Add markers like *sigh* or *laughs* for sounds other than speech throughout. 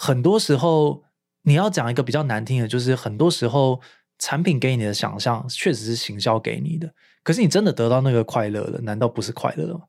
很多時候，你要講一個比較難聽的，就是很多時候產品給你的想象確實是行銷給你的，可是你真的得到那個快樂了，難道不是快樂了嗎？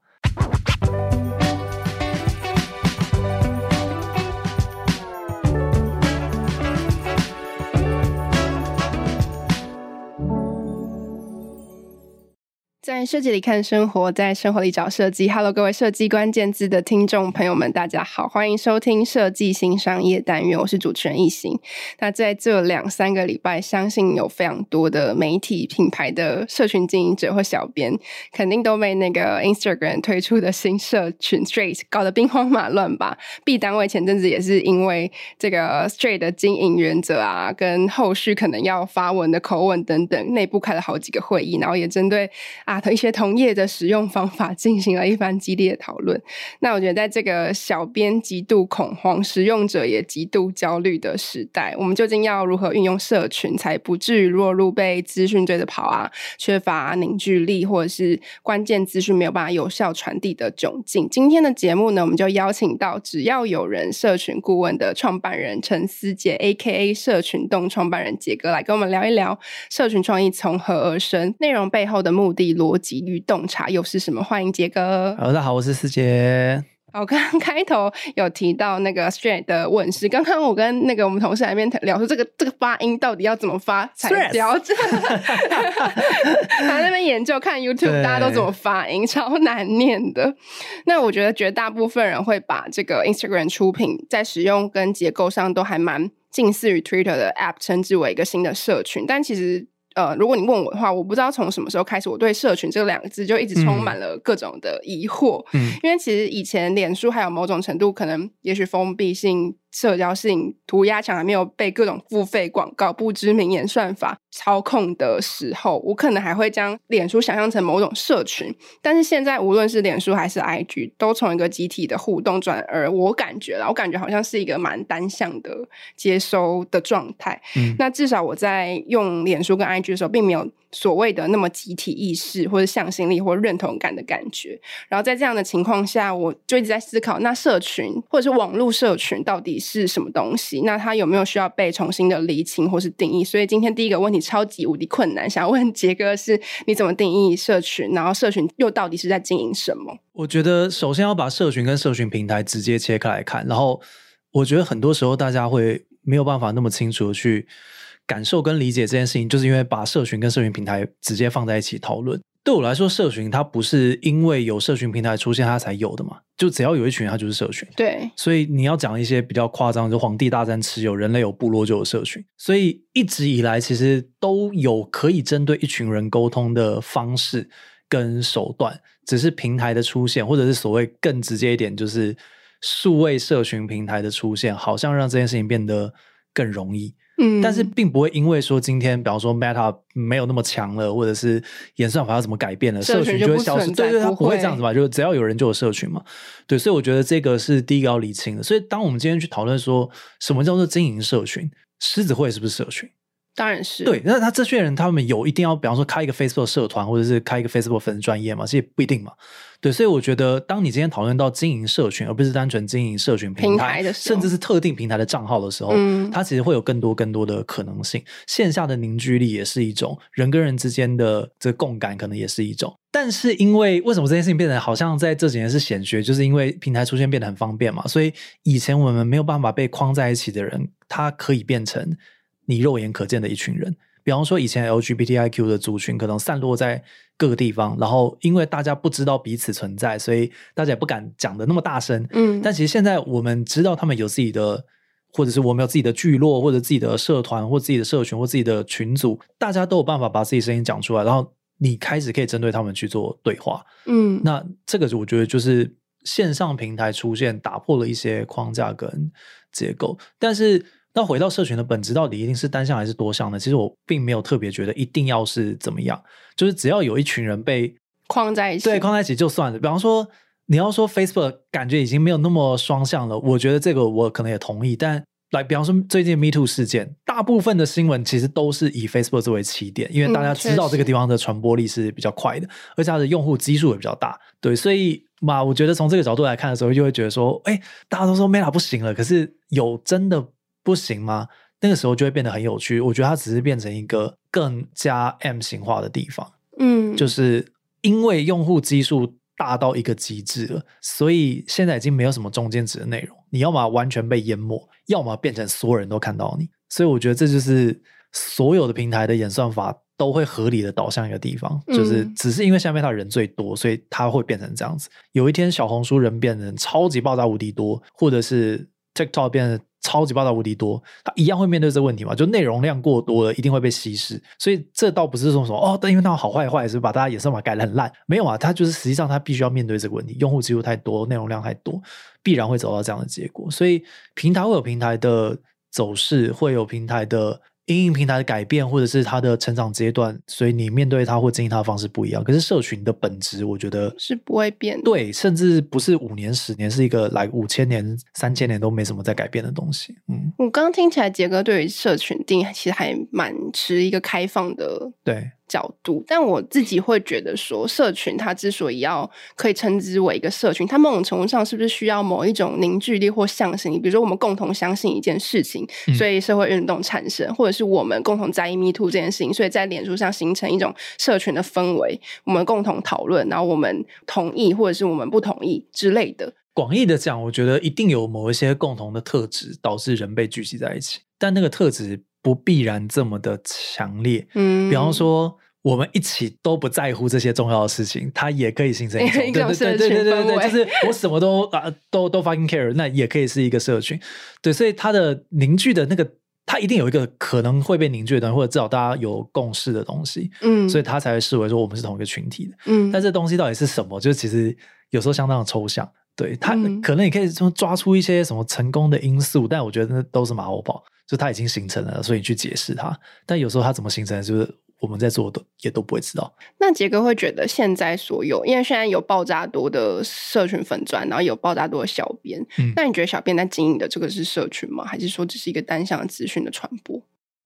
在設計裡看生活，在生活裡找設計。Hello，各位設計關鍵字的聽眾朋友們，大家好，歡迎收聽設計新商業單元。我是主持人一心。那在這兩三個禮拜，相信有非常多的媒體、品牌的社群經營者或小編，肯定都被那個 Instagram 推出的新社群 Threads 搞得兵荒馬亂吧。B 單位前陣子也是因為這個 Threads 的經營原則啊，跟後續可能要發文的口吻等等，內部開了好幾個會議，然後也針對啊。一些同業的使用方法進行了一番激烈討論。那我覺得，在這個小編極度恐慌、使用者也極度焦慮的時代，我們究竟要如何運用社群，才不至於落入被資訊追着跑啊、缺乏、啊、凝聚力，或者是關鍵資訊沒有辦法有效傳遞的窘境？今天的節目呢，我們就邀請到只要有人社群顧問的創辦人陳思杰 （A.K.A. 社群丼）創辦人杰哥來跟我們聊一聊社群創意從何而生、內容背後的目的邏輯輯與洞察又是什麼？歡迎杰哥。大家好,好，我是思杰。好，剛剛開頭有提到那個 “Threads” 的問世，剛剛我跟那個我們同事那邊聊說，這個這個發音到底要怎麼發？才標準， *laughs* *laughs* 在那邊研究看 YouTube，對大家都怎麼發音，超難念的。那我覺得絕大部分人會把這個 Instagram 出品在使用跟結構上都還蠻近似於 Twitter 的 App，稱之為一個新的社群。但其實。呃，如果你問我的話，我不知道從什麼時候開始，我對“社群”這兩個字就一直充滿了各種的疑惑。嗯，因為其實以前臉書還有某種程度可能，也許封閉性。社交性塗鴉牆還沒有被各種付費廣告、不知名演算法操控的時候，我可能還會將臉書想象成某種社群。但是現在，無論是臉書還是 IG，都從一個集體的互動轉而，我感覺了，我感覺好像是一個蠻單向的接收的狀態。嗯，那至少我在用臉書跟 IG 的時候，並沒有。所謂的那麼集體意識或者向心力或認同感的感覺，然後在這樣的情況下，我就一直在思考，那社群或者是網絡社群到底是什麼東西？那它有沒有需要被重新的釐清或是定義？所以今天第一個問題超級無敵困難，想要問杰哥是：你怎麼定義社群？然後社群又到底是在經營什麼？我覺得首先要把社群跟社群平台直接切開來看，然後我覺得很多時候大家會沒有辦法那麼清楚的去。感受跟理解這件事情，就是因為把社群跟社群平台直接放在一起討論。對我來說，社群它不是因為有社群平台出現它才有的嘛，就只要有一群，它就是社群。對，所以你要講一些比較誇張，就是黃帝大戰蚩尤，人類有部落就有社群。所以一直以來，其實都有可以針對一群人溝通的方式跟手段，只是平台的出現，或者是所謂更直接一點，就是數位社群平台的出現，好像讓這件事情變得更容易。嗯，但是並不會因為說今天，比方說 Meta 沒有那麼強了，或者是演算法要怎麼改變了，社群就會消失，對對對，它不會這樣子吧？就只要有人就有社群嘛，對，所以我覺得這個是第一個要理清的。所以當我們今天去討論說什麼叫做經營社群，獅子會是不是社群？當然是對，那他這些人，他們有一定要，比方說開一個 Facebook 社團，或者是開一個 Facebook 粉絲專頁嘛，這也不一定嘛。對，所以我覺得，當你今天討論到經營社群，而不是單純經營社群平台，平台的甚至是特定平台的賬號的時候，嗯、它其實會有更多更多的可能性。線下的凝聚力也是一種，人跟人之間的這個共感可能也是一種。但是因為為什麼這件事情變成好像在這幾年是顯學，就是因為平台出現變得很方便嘛。所以以前我們沒有辦法被框在一起的人，他可以變成。你肉眼可見的一群人，比方說以前 LGBTIQ 的族群可能散落在各個地方，然後因為大家不知道彼此存在，所以大家也不敢講得那麼大聲。嗯，但其實現在我們知道他們有自己的，或者是我們有自己的聚落，或者自己的社團，或自己的社群，或自己的群組，大家都有辦法把自己的聲音講出來，然後你開始可以針對他們去做對話。嗯，那這個我覺得就是線上平台出現，打破了一些框架跟結構，但是。那回到社群的本質，到底一定是單向還是多向呢？其實我並沒有特別覺得一定要是怎麼樣，就是只要有一群人被框在一起，對，框在一起就算了。比方說，你要說 Facebook 感覺已經沒有那麼雙向了，我覺得這個我可能也同意。但來，比方說最近 MeToo 事件，大部分的新聞其實都是以 Facebook 作為起點，因為大家知道這個地方的傳播力是比較快的，嗯、而且它的用戶基數也比較大。對，所以嘛，我覺得從這個角度來看的時候，就會覺得說，哎、欸，大家都說 Meta 不行了，可是有真的。不行嗎？那個時候就會變得很有趣。我覺得它只是變成一個更加 M 型化的地方。嗯，就是因為用戶基數大到一個極致了，所以現在已經沒有什麼中間值的內容。你要麼完全被淹沒，要麼變成所有人都看到你。所以我覺得這就是所有的平台的演算法都會合理的導向一個地方，就是只是因為下面它人最多，所以它會變成這樣子。有一天小紅書人變成超級爆炸無敵多，或者是。TikTok 變得超級霸道無敵多，它一樣會面對這個問題嘛？就內容量過多了，一定會被稀釋，所以這倒不是說什麼哦，但因為它好壞壞是，是把大家眼神嘛改得很爛，沒有啊，它就是實際上它必須要面對這個問題，用戶記錄太多，內容量太多，必然會走到這樣的結果，所以平台會有平台的走勢，會有平台的。因應平台的改變，或者是它的成長階段，所以你面對它或經營它的方式不一樣。可是社群的本質，我覺得是不會變的。對，甚至不是五年、十年，是一個來五千年、三千年都沒什麼在改變的東西。嗯，我剛剛聽起來傑哥對於社群定義其實還蠻持一個開放的。對。角度，但我自己會覺得說，社群它之所以要可以稱之為一個社群，它某種程度上是不是需要某一種凝聚力或向心力？比如說，我們共同相信一件事情，所以社會運動產生，或者是我們共同在意 Me Too 這件事情，所以在臉書上形成一種社群的氛圍，我們共同討論，然後我們同意或者是我們不同意之類的。廣義的講，我覺得一定有某一些共同的特質，導致人被聚集在一起，但那個特質。不必然這麼的強烈，比方說我們一起都不在乎這些重要的事情，嗯、它也可以形成一個。對，對對對對對對，就是我什麼都 *laughs* 啊都都 fucking care，那也可以是一個社群。對，所以它的凝聚的那個，它一定有一個可能會被凝聚的東西或者至少大家有共識的東西。嗯，所以它才會視為說我們是同一個群體的。嗯，但這東西到底是什麼？就是其實有時候相當的抽象。對，它、嗯、可能也可以從抓出一些什麼成功的因素，但我覺得那都是馬後炮。就它已經形成了，所以你去解釋它。但有時候它怎麼形成，就是我們在做都也都不會知道。那傑哥會覺得現在所有，因為現在有爆炸多的社群粉專，然後有爆炸多的小編。嗯、那你覺得小編在經營的這個是社群嗎？還是說只是一個單向資訊的傳播？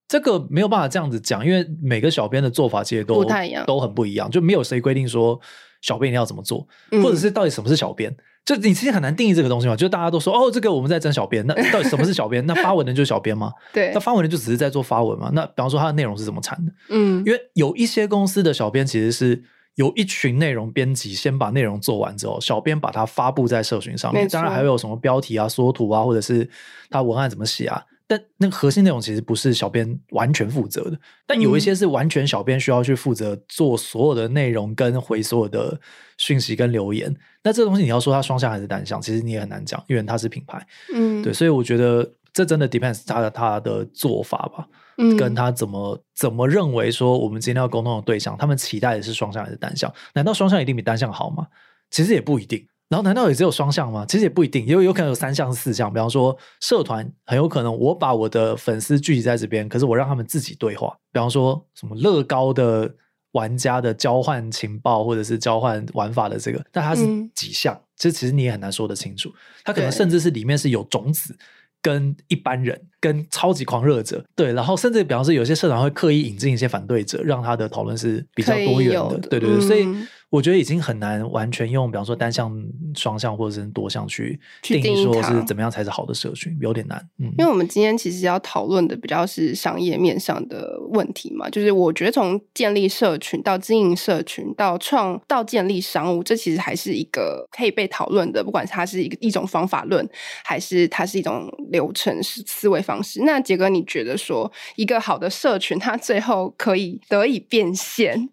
這個沒有辦法這樣子講，因為每個小編的做法其實都不太一樣，都很不一樣。就沒有誰規定說小編你要怎麼做，嗯、或者是到底什麼是小編。就你其實很難定義這個東西嘛，就大家都說哦，這個我們在徵小編，那到底什麼是小編？ *laughs* 那發文的就是小編嘛。對，那發文的就只是在做發文嘛。那比方說它的內容是怎麼產的？嗯，因為有一些公司的小編其實是有一群內容編輯先把內容做完之後，小編把它發佈在社群上面，錯當然還會有什麼標題啊、縮圖啊，或者是它文案怎麼寫啊。但那個核心內容其實不是小編完全負責的，但有一些是完全小編需要去負責做所有的內容跟回所有的訊息跟留言。那這個東西你要說它雙向還是單向，其實你也很難講，因為它是品牌，嗯，對，所以我覺得這真的 depends 它的它的做法吧，嗯，跟他怎麼怎麼認為說我們今天要溝通的對象，他們期待的是雙向還是單向？難道雙向一定比單向好嗎？其實也不一定。然後難道也只有雙向嗎？其實也不一定，因為有可能有三向、四向。比方說，社團很有可能我把我的粉絲聚集在這邊，可是我讓他們自己對話。比方說什麼樂高的玩家的交換情報，或者是交換玩法的這個，但它是幾向？這、嗯、其實你也很難說得清楚。他可能甚至是裡面是有種子對跟一般人，跟超級狂熱者對。然後甚至比方說，有些社團會刻意引進一些反對者，讓他的討論是比較多元的。的對對對，嗯、所以。我覺得已經很難完全用，比方說單向、雙向或者是多向去定義，說是怎麼樣才是好的社群，有點難。嗯，因為我們今天其實要討論的比較是商業面上的問題嘛，就是我覺得從建立社群到經營社群到創到建立商務，這其實還是一個可以被討論的，不管它是一個一種方法論，還是它是一種流程是思維方式。那杰哥，你覺得說一個好的社群，它最後可以得以變現，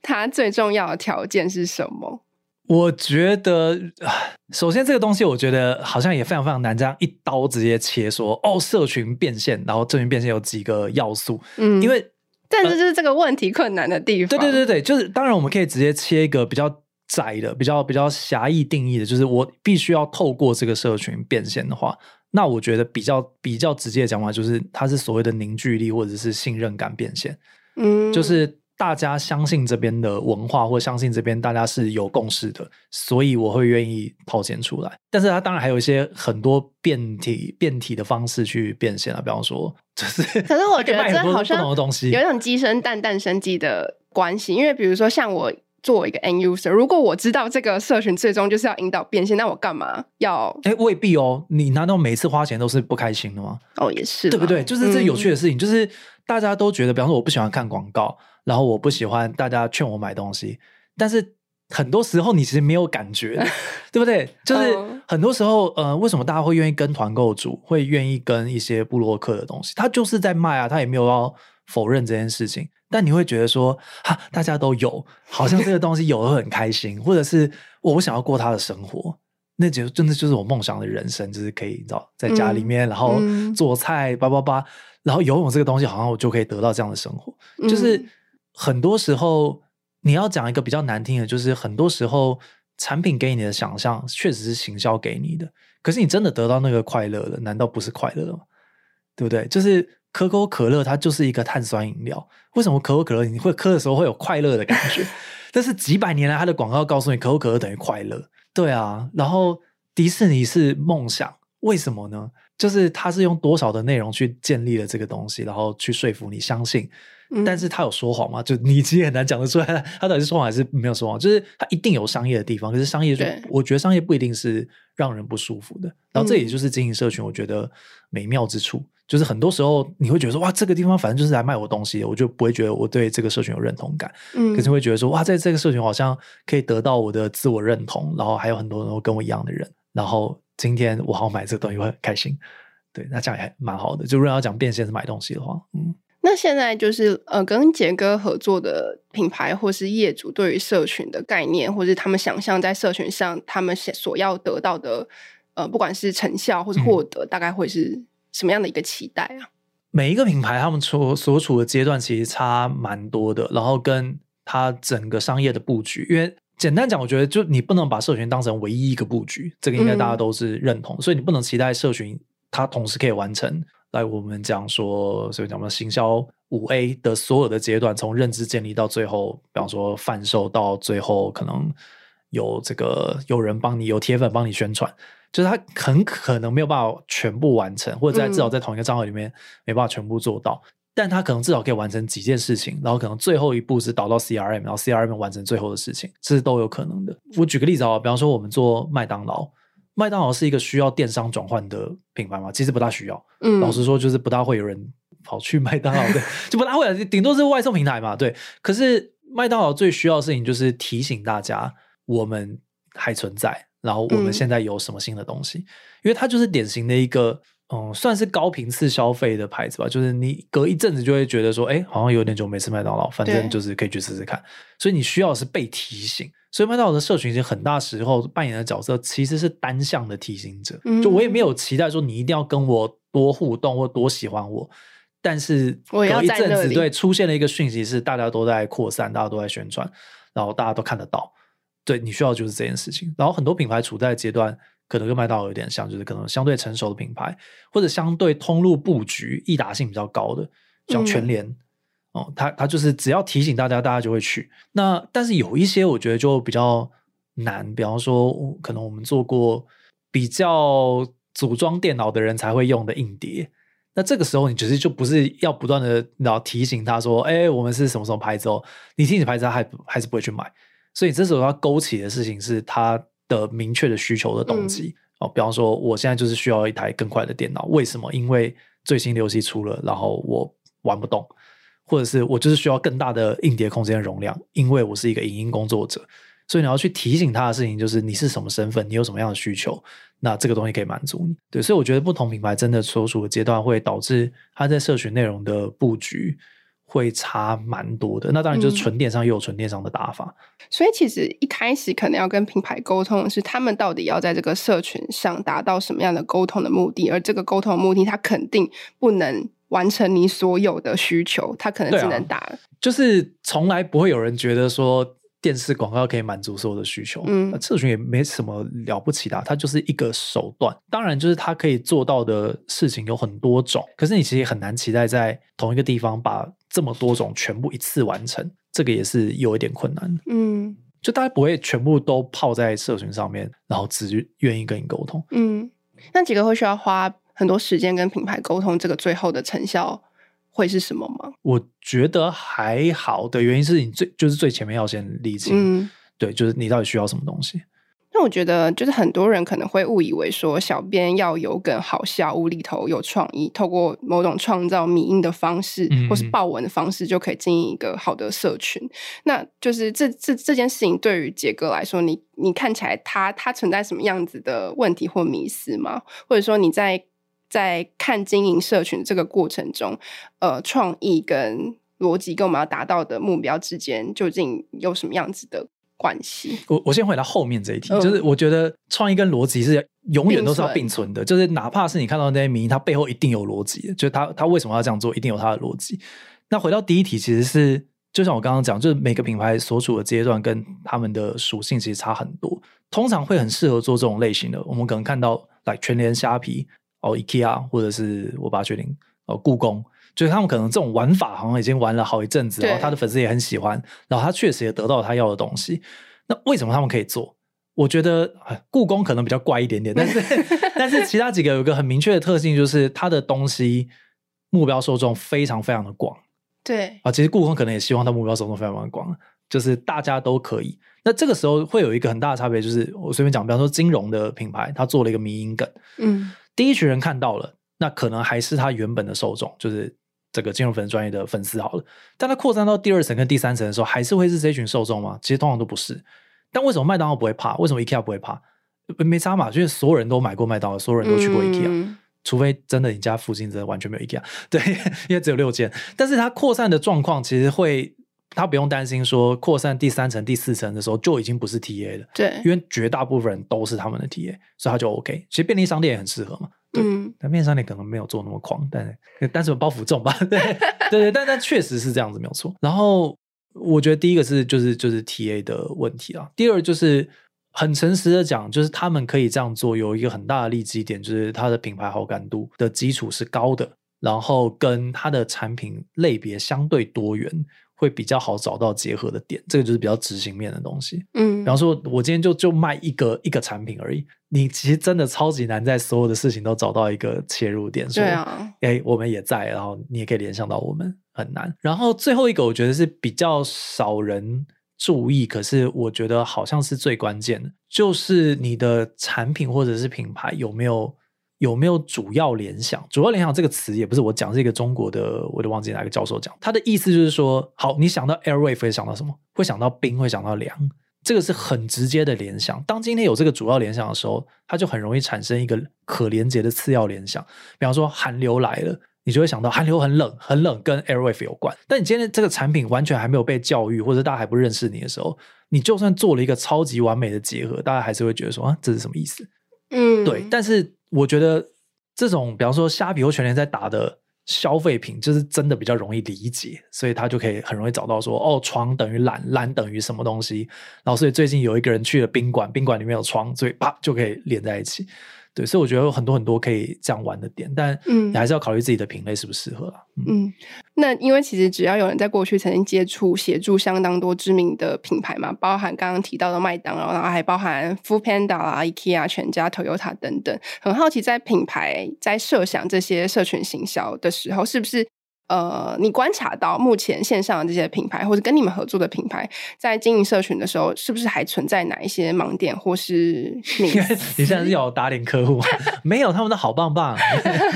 它最重要的條件？是什麼？我覺得，首先這個東西，我覺得好像也非常非常難，這樣一刀直接切說哦，社群變現，然後社群變現有幾個要素。嗯，因為，但是就是這個問題困難的地方、嗯。對對對對，就是當然我們可以直接切一個比較窄的、比較比較狹義定義的，就是我必須要透過這個社群變現的話，那我覺得比較比較直接的講法就是，它是所謂的凝聚力或者是信任感變現。嗯，就是。大家相信這邊的文化，或相信這邊大家是有共識的，所以我會願意掏錢出來。但是，他當然還有一些很多變體、變體的方式去變現啊，比方說，就是可是我覺得這好像有很多東西，有種雞生蛋、蛋生雞的關係。因為比如說，像我作為一個 end user，如果我知道這個社群最終就是要引導變現，那我幹嘛要？哎，未必哦。你難道每次花錢都是不開心的嗎？哦，也是，對不對？就是這有趣的事情，嗯、就是。大家都覺得，比方說我不喜歡看廣告，然後我不喜歡大家勸我買東西，但是很多時候你其實沒有感覺， *laughs* *laughs* 對不對？就是很多時候，呃，為什麼大家會願意跟團購主，會願意跟一些部落客的東西？他就是在賣啊，他也沒有要否認這件事情。但你會覺得說，哈，大家都有，好像這個東西有的很開心， *laughs* 或者是我不想要過他的生活。那就真的就是我夢想的人生，就是可以你知道，在家裡面，嗯、然後做菜叭叭叭，然後游泳這個東西，好像我就可以得到這樣的生活。嗯、就是很多時候你要講一個比較難聽的，就是很多時候產品給你的想象確實是行銷給你的，可是你真的得到那個快樂了，難道不是快樂嗎？對不對？就是可口可樂它就是一個碳酸飲料，為什麼可口可樂你會喝的時候會有快樂的感覺？ *laughs* 但是幾百年來，它的廣告告訴你，可口可樂等於快樂。對啊，然後迪士尼是夢想，為什麼呢？就是他是用多少的內容去建立了這個東西，然後去說服你相信。嗯，但是他有說謊嗎？就你其實很難講得出來，他到底是說謊還是沒有說謊。就是他一定有商業的地方，可是商業、就是、對我覺得商業不一定是讓人不舒服的。然後這也就是經營社群，我覺得美妙之處。就是很多時候你會覺得說哇這個地方反正就是來賣我的東西，我就不會覺得我對這個社群有認同感。嗯，可是會覺得說哇在這個社群好像可以得到我的自我認同，然後還有很多人跟我一樣的人，然後今天我好買這個東西會很開心。對，那這樣也還蠻好的。就如果要講變現是買東西的話，嗯，那現在就是呃跟杰哥合作的品牌或是業主對於社群的概念，或是他們想象在社群上他們所要得到的呃不管是成效或是獲得，嗯，大概會是。什麼樣的一個期待啊？每一個品牌他們所所處的階段其實差蠻多的，然後跟它整個商業的布局，因為簡單講，我覺得就你不能把社群當成唯一一個布局，這個應該大家都是認同，嗯、所以你不能期待社群它同時可以完成來我們講說，所以講我們行銷五 A 的所有的階段，從認知建立到最後，比方說販售到最後，可能有這個有人幫你，有鐵粉幫你宣傳。就是他很可能沒有辦法全部完成，或者在至少在同一個賬號裡面沒辦法全部做到，嗯、但他可能至少可以完成幾件事情，然後可能最後一步是導到 CRM，然後 CRM 完成最後的事情，這是都有可能的。我舉個例子啊，比方說我們做麥當勞，麥當勞是一個需要電商轉換的品牌嘛，其實不大需要，嗯，老實說就是不大會有人跑去麥當勞，嗯、對，就不大會， *laughs* 頂多是外送平台嘛，對。可是麥當勞最需要的事情就是提醒大家，我們還存在。然後我們現在有什麼新的東西？嗯、因為它就是典型的一個，嗯，算是高頻次消費的牌子吧。就是你隔一陣子就會覺得說，哎，好像有點久沒吃麥當勞，反正就是可以去試試看。對所以你需要的是被提醒。所以麥當勞的社群已經很大時候扮演的角色其實是單向的提醒者。嗯、就我也沒有期待說你一定要跟我多互動或多喜歡我，但是隔一陣子，對，出現了一個訊息，是大家都在擴散，大家都在宣傳，然後大家都看得到。對，你需要就是這件事情，然後很多品牌處在階段可能跟麥道爾有點像，就是可能相對成熟的品牌，或者相對通路布局易達性比較高的，像全聯、嗯、哦，它它就是只要提醒大家，大家就會去。那但是有一些我覺得就比較難，比方說、嗯、可能我們做過比較組裝電腦的人才會用的硬碟，那這個時候你只是就不是要不斷的然後提醒他說，哎、欸，我們是什麼什麼牌子哦，你提醒牌子，他還還是不會去買。所以這時候要勾起的事情是他的明確的需求的動機、嗯、哦，比方說我現在就是需要一台更快的電腦，為什麼？因為最新的遊戲出了，然後我玩不動，或者是我就是需要更大的硬碟空間容量，因為我是一個影音工作者。所以你要去提醒他的事情就是你是什麼身份，你有什麼樣的需求，那這個東西可以滿足你。對，所以我覺得不同品牌真的所處的階段會導致他在社群內容的布局，會差蠻多的，那當然就是純電商也有純電商的打法。嗯、所以其實一開始可能要跟品牌溝通，是他們到底要在這個社群上達到什麼樣的溝通的目的，而這個溝通的目的，他肯定不能完成你所有的需求，他可能只能打、啊。就是從來不會有人覺得說電視廣告可以滿足所有的需求，嗯，社群也沒什麼了不起的，它就是一個手段。當然，就是它可以做到的事情有很多種，可是你其實很難期待在同一個地方把。這麼多種全部一次完成，這個也是有一點困難的。嗯，就大家不會全部都泡在社群上面，然後只願意跟你溝通。嗯，那幾個會需要花很多時間跟品牌溝通，這個最後的成效會是什麼嗎？我覺得還好的原因是你最就是最前面要先理清。嗯，對，就是你到底需要什麼東西。那我覺得，就是很多人可能會誤以為說，小編要有梗、好笑、無厘頭、有創意，透過某種創造迷因的方式，嗯嗯，或是爆文的方式，就可以經營一個好的社群。那就是這這這件事情，對於杰哥來說，你你看起來它，他他存在什麼樣子的問題或迷思嗎？或者說，你在在看經營社群這個過程中，呃，創意跟邏輯跟我們要達到的目標之間，究竟有什麼樣子的？關係，我我先回答後面這一題，哦、就是我覺得創意跟邏輯是永遠都是要並存的，存就是哪怕是你看到那些迷因，它背後一定有邏輯，就它它為什麼要這樣做，一定有它的邏輯。那回到第一題，其實是就像我剛剛講，就是每個品牌所處的階段跟他們的屬性其實差很多，通常會很適合做這種類型的，我們可能看到、like，來全聯蝦皮，哦、oh，IKEA，或者是我爸決定，哦、oh，故宮。所以他們可能這種玩法好像已經玩了好一陣子，對然後他的粉絲也很喜歡，然後他確實也得到了他要的東西。那為什麼他們可以做？我覺得，哎，故宮可能比較怪一點點，但是 *laughs* 但是其他幾個有一個很明確的特性，就是它的東西目標受眾非常非常的廣。對啊，其實故宮可能也希望它目標受眾非常非常的廣，就是大家都可以。那這個時候會有一個很大的差別，就是我隨便講，比方說金融的品牌，他做了一個迷因梗，嗯，第一群人看到了，那可能還是他原本的受眾，就是。這個金融粉專業的粉絲好了，但它擴散到第二層跟第三層的時候，還是會是這群受眾嗎？其實通常都不是。但為什麼麥當勞不會怕？為什麼 IKEA 不會怕？沒差嘛，就是所有人都買過麥當勞，所有人都去過 IKEA，、嗯、除非真的你家附近真的完全沒有 IKEA，對，因為只有六間。但是它擴散的狀況其實會，他不用擔心說擴散第三層、第四層的時候就已經不是 TA 了。對，因為絕大部分人都是他們的 TA，所以他就 OK。其實便利商店也很適合嘛。嗯，台面上你可能沒有做那麼狂，但但是包袱重吧， *laughs* 對對對，但但確實是這樣子，沒有錯。然後我覺得第一個是就是就是 T A 的問題啊，第二就是很誠實的講，就是他們可以這樣做，有一個很大的利基點，就是它的品牌好感度的基礎是高的，然後跟它的產品類別相對多元。會比較好找到結合的點，這個就是比較執行面的東西。嗯，比方說，我今天就就賣一個一個產品而已，你其實真的超級難在所有的事情都找到一個切入點。對啊、嗯，哎、欸，我們也在，然後你也可以聯想到我們，很難。然後最後一個，我覺得是比較少人注意，可是我覺得好像是最關鍵的，就是你的產品或者是品牌有沒有。有沒有主要聯想？主要聯想這個詞也不是我講，是一個中國的，我都忘記哪個教授講。他的意思就是說，好，你想到 Airwave 會想到什麼？會想到冰，會想到涼，這個是很直接的聯想。當今天有這個主要聯想的時候，它就很容易產生一個可連接的次要聯想。比方說寒流來了，你就會想到寒流很冷，很冷跟 Airwave 有關。但你今天這個產品完全還沒有被教育，或者大家還不認識你的時候，你就算做了一個超級完美的結合，大家還是會覺得說啊，這是什麼意思？嗯，對，但是。我覺得這種，比方說蝦皮或全聯在打的消費品，就是真的比較容易理解，所以他就可以很容易找到說，哦，床等於懶，懶等於什麼東西，然後所以最近有一個人去了賓館，賓館裡面有床，所以啪就可以連在一起。對，所以我覺得有很多很多可以這樣玩的點，但嗯，你還是要考慮自己的品類是不是適合、啊、嗯，嗯那因為其實只要有人在過去曾經接觸，協助相當多知名的品牌嘛，包含剛剛提到的麥當勞，然後還包含 foodpanda 啦、IKEA、全家、Toyota 等等。很好奇，在品牌在設想這些社群行銷的時候，是不是？呃，你觀察到目前線上的這些品牌或者跟你們合作的品牌，在經營社群的時候，是不是還存在哪一些盲點，或是你 *laughs* 你現在是要打臉客戶嗎？ *laughs* 沒有，他們的好棒棒，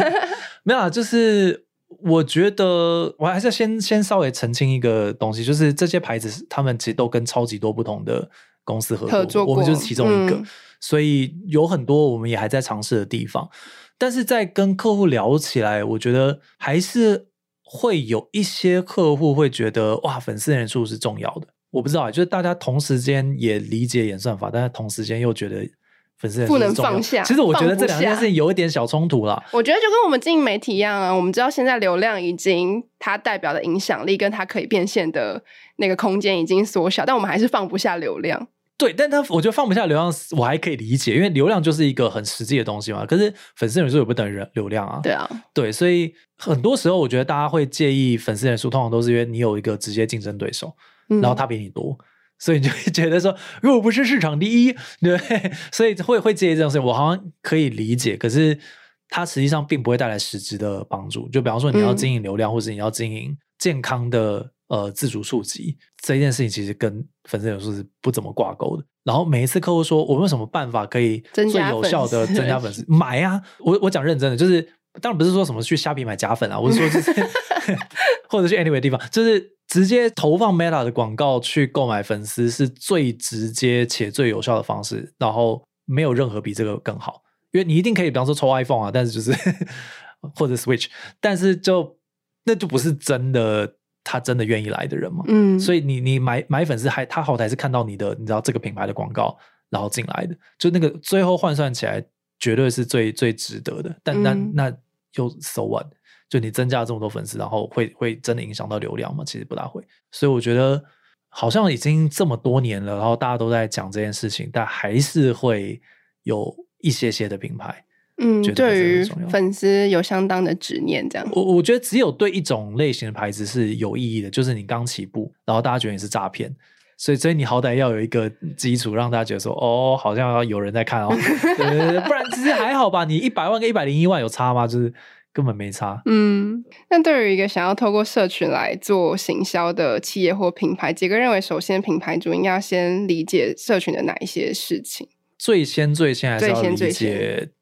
*laughs* 沒有啦。就是我覺得，我還是要先先稍微澄清一個東西，就是這些牌子他們其實都跟超級多不同的公司合作，合作過我們就是其中一個，嗯、所以有很多我們也還在嘗試的地方。但是在跟客戶聊起來，我覺得還是。會有一些客戶會覺得哇，粉絲人數是重要的，我不知道，就是大家同時間也理解演算法，但是同時間又覺得粉絲人數不能放下。其實我覺得這兩件事情有一點小衝突啦，我覺得就跟我們經營媒體一樣啊，我們知道現在流量已經它代表的影響力跟它可以變現的那個空間已經縮小，但我們還是放不下流量。對，但他我覺得放不下流量，我還可以理解，因為流量就是一個很實際的東西嘛。可是粉絲人數也不等於流量啊。對啊，對，所以很多時候我覺得大家會介意粉絲人數，通常都是因為你有一個直接競爭對手，嗯、然後他比你多，所以你就會覺得說，如果不是市場第一，對，所以會會介意這種事情。我好像可以理解，可是它實際上並不會帶來實質的幫助。就比方說，你要經營流量，嗯、或是你要經營健康的。呃，自主觸及，這件事情，其實跟粉絲有時候是不怎麼掛鈎的。然後每一次客戶說，我用什麼辦法可以最有效的增加粉絲？粉絲買啊！我我講認真的，就是當然不是說什麼去蝦皮買假粉啊，我是說就是， *laughs* 或者去 anyway 地方，就是直接投放 Meta 的廣告去購買粉絲，是最直接且最有效的方式。然後沒有任何比這個更好，因為你一定可以，比方說抽 iPhone 啊，但是就是或者 Switch，但是就那就不是真的。他真的願意來的人嘛，嗯，所以你你買買粉絲，還他好歹是看到你的，你知道這個品牌的廣告然後進來的，就那個最後換算起來絕對是最最值得的。但但那就 so what？就你增加這麼多粉絲，然後會會真的影響到流量嗎？其實不大會。所以我覺得好像已經這麼多年了，然後大家都在講這件事情，但還是會有一些些的品牌。嗯，對於粉絲有相當的執念，這樣。我我覺得只有對一種類型的牌子是有意義的，就是你剛起步，然後大家覺得你是詐騙，所以所以你好歹要有一個基礎，讓大家覺得說哦，好像有人在看哦， *laughs* 對對對對。不然其實還好吧，你一百萬跟一百零一萬有差嗎？就是根本沒差。嗯，那對於一個想要透過社群來做行銷的企業或品牌，傑哥認為，首先品牌主應該要先理解社群的哪一些事情？最先，最先還是要理解最先最先。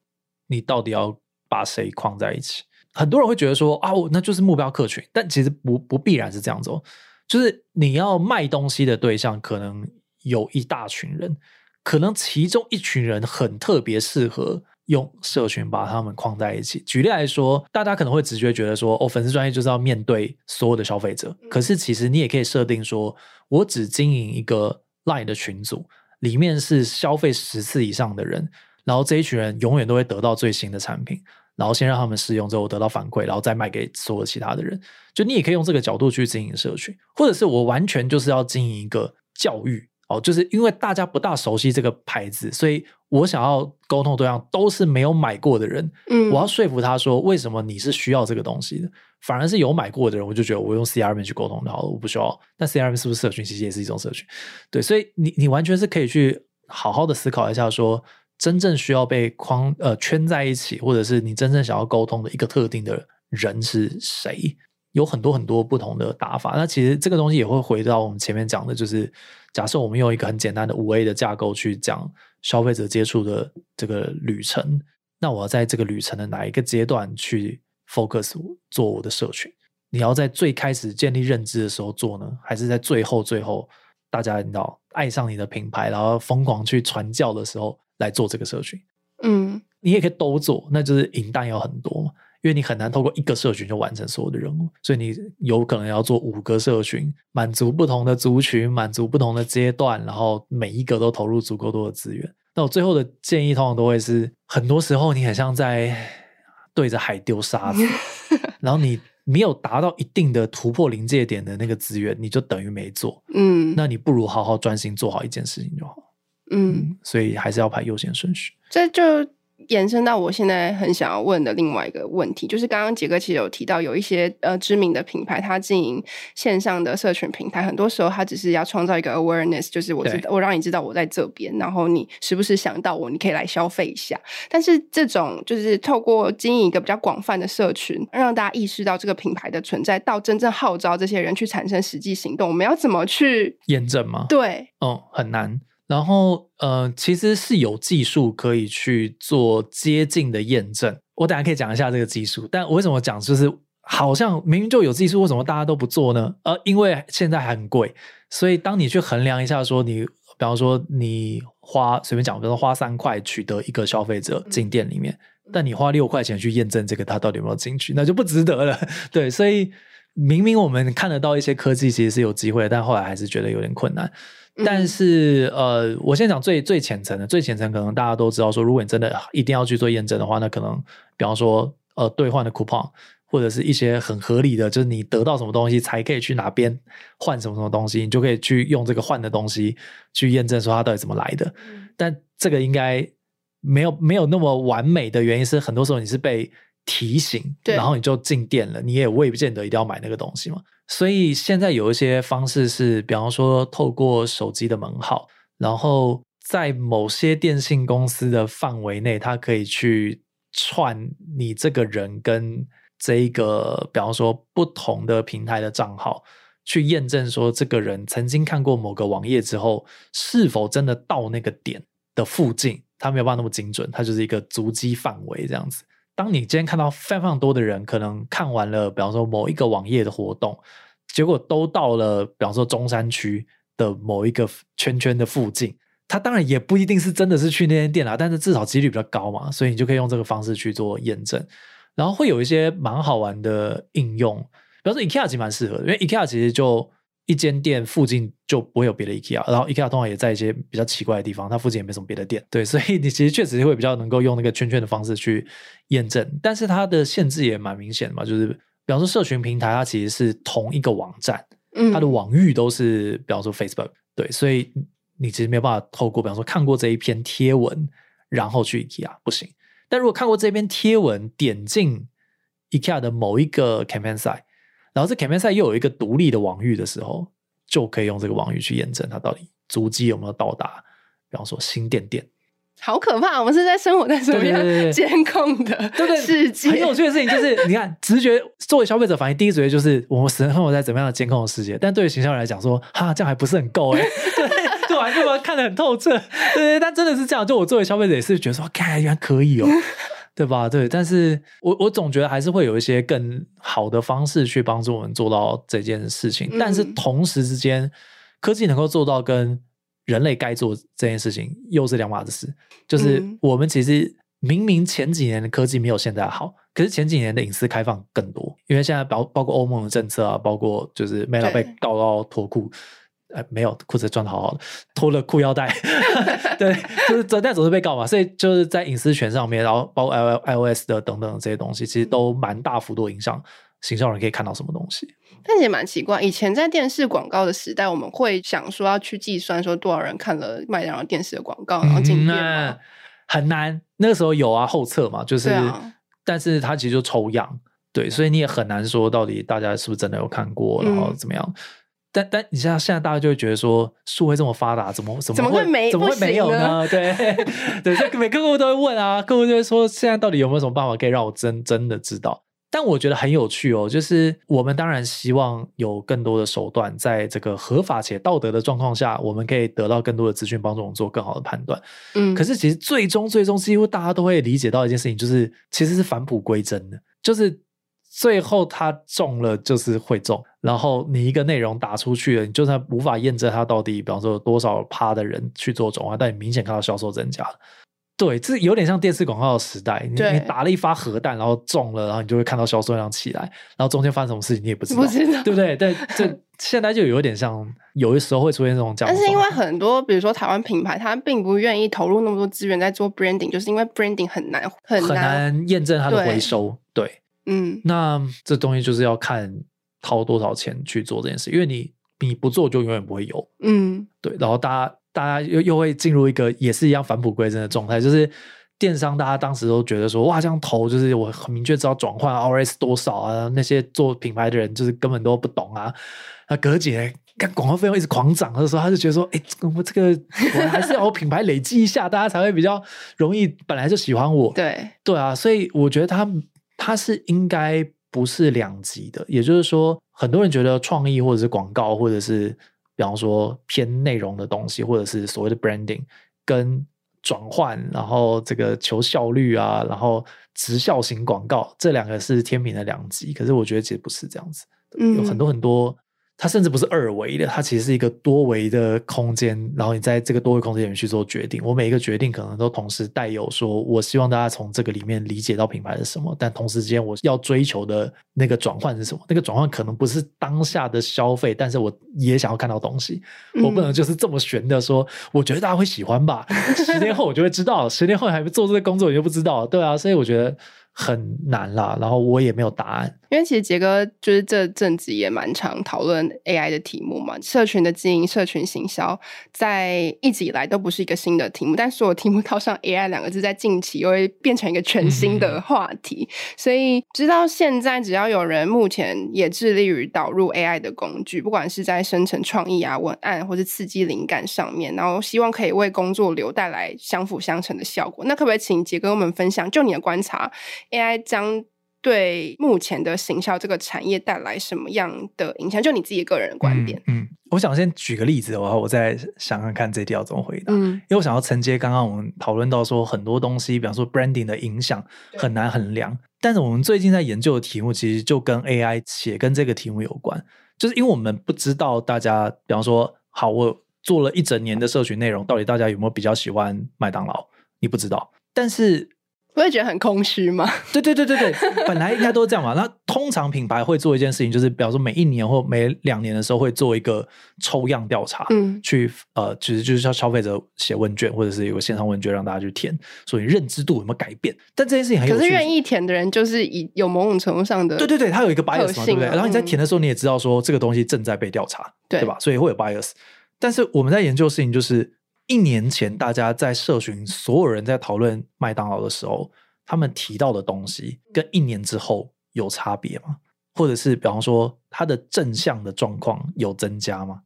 你到底要把誰框在一起？很多人會覺得說啊，我那就是目標客群，但其實不不必然是這樣子喔。就是你要賣東西的對象，可能有一大群人，可能其中一群人很特別適合用社群把他們框在一起。舉例來說，大家可能會直覺覺得說，哦，粉絲專頁就是要面對所有的消費者。可是其實你也可以設定說，我只經營一個 Line 的群組，裡面是消費十次以上的人。然後這一群人永遠都會得到最新的產品，然後先讓他們試用之後得到反饋，然後再賣給所有其他的人。就你也可以用這個角度去經營社群，或者是我完全就是要經營一個教育哦，就是因為大家不大熟悉這個牌子，所以我想要溝通對象都是沒有買過的人。嗯，我要說服他說，為什麼你是需要這個東西的，反而是有買過的人，我就覺得我用 CRM 去溝通就好了，我不需要。那 CRM 是不是社群？其實也是一種社群，對，所以你你完全是可以去好好的思考一下說。真正需要被框呃圈在一起，或者是你真正想要溝通的一個特定的人是誰？有很多很多不同的打法。那其實這個東西也會回到我們前面講的，就是假設我們用一個很簡單的五 A 的架構去講消費者接觸的這個旅程，那我要在這個旅程的哪一個階段去 focus 我做我的社群？你要在最開始建立認知的時候做呢，還是在最後最後大家你知道愛上你的品牌，然後瘋狂去傳教的時候？來做這個社群，嗯，你也可以都做，那就是銀彈要很多嘛，因為你很難透過一個社群就完成所有的任務，所以你有可能要做五個社群，滿足不同的族群，滿足不同的階段，然後每一個都投入足夠多的資源。那我最後的建議通常都會是，很多時候你很像在對着海丟沙子， *laughs* 然後你沒有達到一定的突破臨界點的那個資源，你就等於沒做，嗯，那你不如好好專心做好一件事情就好。嗯，所以還是要排優先順序。嗯。這就延伸到我現在很想要問的另外一個問題，就是剛剛傑哥其實有提到，有一些呃知名的品牌，它經營線上的社群平台，很多時候它只是要創造一個 awareness，就是我知我讓你知道我在這邊，對然後你時不時想到我，你可以來消費一下。但是這種就是透過經營一個比較廣泛的社群，讓大家意識到這個品牌的存在，到真正號召這些人去產生實際行動，我們要怎麼去驗證嗎？對，哦、嗯，很難。然後，呃，其實是有技術可以去做接近的驗證。我等下可以講一下這個技術。但我為什麼講，就是好像明明就有技術，為什麼大家都不做呢？呃，因為現在還很貴。所以當你去衡量一下，說你，比方說你花隨便講，比如說花三塊取得一個消費者進店裡面，但你花六塊錢去驗證這個它到底有沒有進去，那就不值得了。對，所以明明我們看得到一些科技其實是有機會的，但後來還是覺得有點困難。但是，嗯、呃，我先講最最淺層的，最淺層可能大家都知道，說如果你真的一定要去做驗證的話，那可能比方說，呃，兌換的 coupon 或者是一些很合理的，就是你得到什麼東西才可以去哪邊換什麼什麼東西，你就可以去用這個換的東西去驗證說它到底怎麼來的。嗯、但這個應該沒有沒有那麼完美的原因，是很多時候你是被提醒，對然後你就進店了，你也未必見得一定要買那個東西嘛。所以現在有一些方式是，比方說透過手機的門號，然後在某些電信公司的範圍內，它可以去串你這個人跟這個，比方說不同的平台的賬號，去驗證說這個人曾經看過某個網頁之後，是否真的到那個點的附近，它沒有辦法那麼精準，它就是一個足跡範圍這樣子。當你今天看到非常多的人，可能看完了，比方說某一個網頁的活動，結果都到了，比方說中山區的某一個圈圈的附近，他當然也不一定是真的是去那間店啦，啊，但是至少幾率比較高嘛，所以你就可以用這個方式去做驗證，然後會有一些蠻好玩的應用，比方說 IKEA 其實蠻適合的，因為 IKEA 其實就。一間店附近就不會有別的 IKEA，然後 IKEA 通常也在一些比較奇怪的地方，它附近也沒什麼別的店，對，所以你其實確實會比較能夠用那個圈圈的方式去驗證，但是它的限制也蠻明顯嘛，就是比方說社群平台它其實是同一個網站，它的網域都是比方說 Facebook，對，所以你其實沒有辦法透過比方說看過這一篇貼文然後去 IKEA 不行，但如果看過這篇貼文點進 IKEA 的某一個 campaign site。然後，這 KMS 又有一個獨立的網域的時候，就可以用這個網域去驗證它到底足跡有沒有到達，比方說新店店，好可怕！我們是在生活在什麼樣監控的對不對？很有趣的事情就是，你看直覺作為消費者反應，第一直覺就是我們生活在怎麼樣的監控的世界。但對於行銷來講說，說哈，這樣還不是很夠，欸、對就完全不對 *laughs* 看得很透徹。對對，但真的是這樣。就我作為消費者也是覺得說，看來還可以哦。對吧？對，但是我我總覺得還是會有一些更好的方式去幫助我們做到這件事情。嗯、但是同時之間，科技能夠做到跟人類該做這件事情又是兩碼子事。就是我們其實明明前幾年的科技沒有現在好，可是前幾年的隱私開放更多，因為現在包包括歐盟的政策啊，包括就是 Meta 被告到脫褲。哎，沒有褲子穿的好好的，脫了褲腰帶， *laughs* *laughs* 對，就是責任總是被告嘛，所以就是在隱私權上面，然後包括 iOS 的等等的這些東西，其實都蠻大幅度的影響，行銷人可以看到什麼東西。但也蠻奇怪，以前在電視廣告的時代，我們會想說要去計算說多少人看了麥當勞電視的廣告，然後進店、嗯啊，很難。那個時候有啊，後測嘛，就是，啊、但是他其實就抽樣，對，所以你也很難說到底大家是不是真的有看過，然後怎麼樣。嗯但但你像，現在大家就會覺得說，數位這麼發達，怎麼怎麼，怎麼會沒怎麼會沒有呢？對行對， *laughs* 對每個客戶都會問啊，客戶 *laughs* 就會說，現在到底有沒有什麼辦法可以讓我真真的知道？但我覺得很有趣哦，就是我們當然希望有更多的手段，在這個合法且道德的狀況下，我們可以得到更多的資訊，幫助我們做更好的判斷。嗯，可是其實最終最終幾乎大家都會理解到一件事情，就是，就是其實是返璞歸真的，就是。最後他中了就是會中，然後你一個內容打出去了，你就算無法驗證他到底，比方說有多少趴的人去做轉化，但你明顯看到銷售增加了。對，這有點像電視廣告的時代，你你打了一發核彈，然後中了，然後你就會看到銷售量起來，然後中間發生什麼事情你也不知道，不知道對不對？但這現在就有點像，有的時候會出現這種假。但是因為很多，比如說台灣品牌，它並不願意投入那麼多資源在做 branding，就是因為 branding 很難很難驗證它的回收。對。對嗯，那這東西就是要看掏多少錢去做這件事，因為你你不做就永遠不會有。嗯，對。然後大家大家又又會進入一個也是一樣返璞歸真的狀態，就是電商大家當時都覺得說哇，這樣投就是我很明確知道轉換、啊、RS 多少啊，那些做品牌的人就是根本都不懂啊。那葛姐看廣告費用一直狂漲的時候，他就覺得說，哎、欸，我這個我還是要我品牌累積一下， *laughs* 大家才會比較容易本來就喜歡我。對對啊，所以我覺得他。它是應該不是兩極的，也就是說，很多人覺得創意或者是廣告，或者是比方說偏內容的東西，或者是所謂的 branding 跟轉換，然後這個求效率啊，然後直效型廣告，這兩個是天平的兩極，可是我覺得其實不是這樣子，有很多很多。它甚至不是二維的，它其實是一個多維的空間。然後你在這個多維空間裡面去做決定。我每一個決定可能都同時帶有說，我希望大家從這個裡面理解到品牌是什麼，但同時之間我要追求的那個轉換是什麼？那個轉換可能不是當下的消費，但是我也想要看到東西。嗯、我不能就是這麼懸的說，我覺得大家會喜歡吧， *laughs* 十年後我就會知道，十年後還做這個工作我就不知道。對啊，所以我覺得。很難啦，然後我也沒有答案。因為其實傑哥就是這陣子也蠻常討論 AI 的題目嘛，社群的經營、社群行銷，在一直以來都不是一個新的題目，但是，所有題目套上 AI 兩個字，在近期又會變成一個全新的話題。所以，直到現在，只要有人目前也致力於導入 AI 的工具，不管是在生成創意啊、文案，或是刺激靈感上面，然後希望可以為工作流帶來相輔相成的效果。那可不可以請傑哥我們分享，就你的觀察？AI 將對目前的行銷這個產業帶來什麼樣的影響？就你自己個人的觀點，嗯，嗯，我想先舉個例子的、哦、話，我再想想看，看這一題要怎麼回答。嗯，因為我想要承接剛剛我們討論到說很多東西，比方說 branding 的影響很難衡量。對但是我們最近在研究的題目其實就跟 AI 且跟這個題目有關，就是因為我們不知道大家，比方說，好，我做了一整年的社群內容，到底大家有沒有比較喜歡麥當勞？你不知道，但是。不會覺得很空虛嗎？對 *laughs* 對對對對，本來應該都是這樣嘛。那通常品牌會做一件事情，就是比方說每一年或每兩年的時候會做一個抽樣調查，嗯，去呃，其實就是叫、就是、消費者寫問卷，或者是有個線上問卷讓大家去填，所以認知度有沒有改變。但這件事情很有，可是願意填的人就是以有某種程度上的、啊、對對對，它有一個 bias 嘛，對不對？然後你在填的時候，你也知道說這個東西正在被調查，嗯、對吧？所以會有 bias。但是我們在研究的事情就是。一年前，大家在社群，所有人在討論麥當勞的時候，他們提到的東西跟一年之後有差別嗎？或者是，比方說，他的正向的狀況有增加嗎？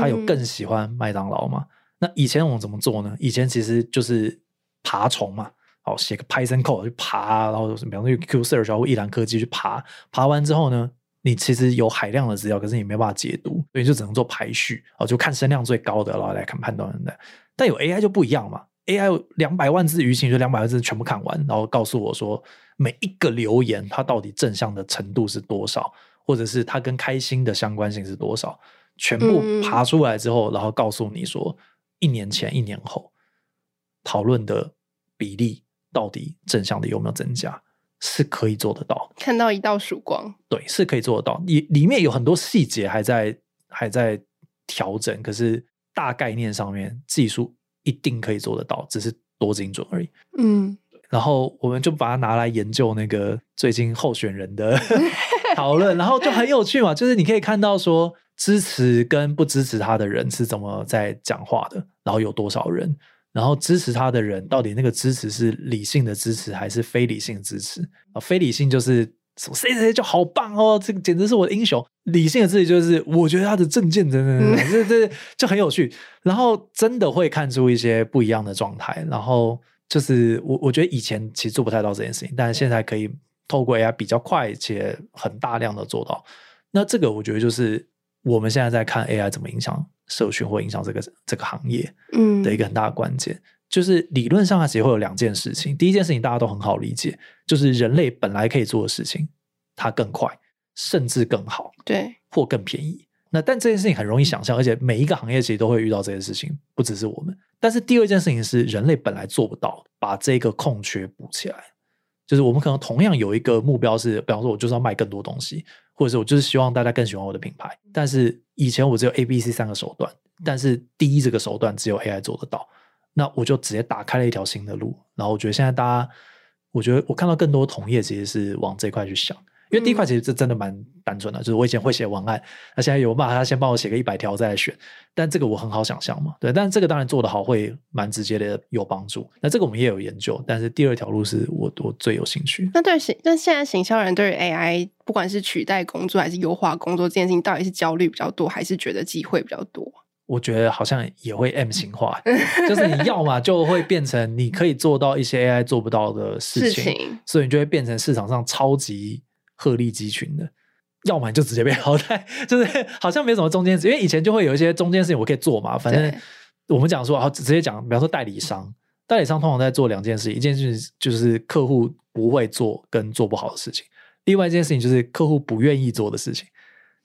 他有更喜歡麥當勞嗎？嗯，那以前我們怎麼做呢？以前其實就是爬蟲嘛，好寫個 Python code 去爬，然後什麼，比方說 QSearch 或意藍科技去爬，爬完之後呢？你其實有海量的資料，可是你沒辦法解讀，所以就只能做排序哦、啊，就看聲量最高的，然後來看判斷的。但有 AI 就不一樣嘛，AI 有兩百萬字輿情，就兩百萬字全部看完，然後告訴我說每一個留言它到底正向的程度是多少，或者是它跟開心的相關性是多少，全部爬出來之後，嗯、然後告訴你說一年前一年後討論的比例到底正向的有沒有增加。是可以做得到，看到一道曙光。對，是可以做得到。裡裡面有很多細節還在還在調整，可是大概念上面，技術一定可以做得到，只是多精準而已。嗯，然後我們就把它拿來研究那個最近候選人的 *laughs* 討論，然後就很有趣嘛。 *laughs* 就是你可以看到說支持跟不支持他的人是怎麼在講話的，然後有多少人。然後支持他的人，到底那個支持是理性的支持還是非理性的支持？啊，非理性就是誰誰誰就好棒哦，這個簡直是我的英雄。理性的支持就是我覺得他的政見真的真的，這這、嗯、就很有趣。然後真的會看出一些不一樣的狀態。然後就是我我覺得以前其實做不太到這件事情，但是現在可以透過 AI 比較快且很大量的做到。那這個我覺得就是我們現在在看 AI 怎麼影響社群會影響這個這個行業，嗯，的一個很大的關鍵，就是理論上它其實會有兩件事情。第一件事情大家都很好理解，就是人類本來可以做的事情，它更快，甚至更好，對，或更便宜。那但這件事情很容易想象，而且每一個行業其實都會遇到這件事情，不只是我們。但是第二件事情是人類本來做不到，把這個空缺補起來，就是我們可能同樣有一個目標是，比方說我就是要賣更多東西，或者是我就是希望大家更喜歡我的品牌，但是以前我只有 A、B、C 三個手段，但是第一這個手段只有 AI 做得到，那我就直接打開了一條新的路。然後我覺得現在大家，我覺得我看到更多同業其實是往這塊去想。因為第一塊，其實這真的蠻單純的，就是我以前會寫文案，那現在有辦法，他先幫我寫個一百條再來選，但這個我很好想象嘛，對。但這個當然做得好會蠻直接的有幫助。那這個我們也有研究，但是第二條路是我我最有興趣。那對行，那現在行銷人對於 AI 不管是取代工作還是優化工作這件事情，到底是焦慮比較多還是覺得機會比較多？我覺得好像也會 M 型化， *laughs* 就是你要嘛就會變成你可以做到一些 AI 做不到的事情，事情，所以你就會變成市場上超級。鶴立雞群的，要不然就直接被淘汰，就是好像沒什麼中間事。因為以前就會有一些中間事情我可以做嘛，反正我們講說，好直接講，比方說代理商，代理商通常在做兩件事情，一件事情就是客戶不會做跟做不好的事情，另外一件事情就是客戶不願意做的事情。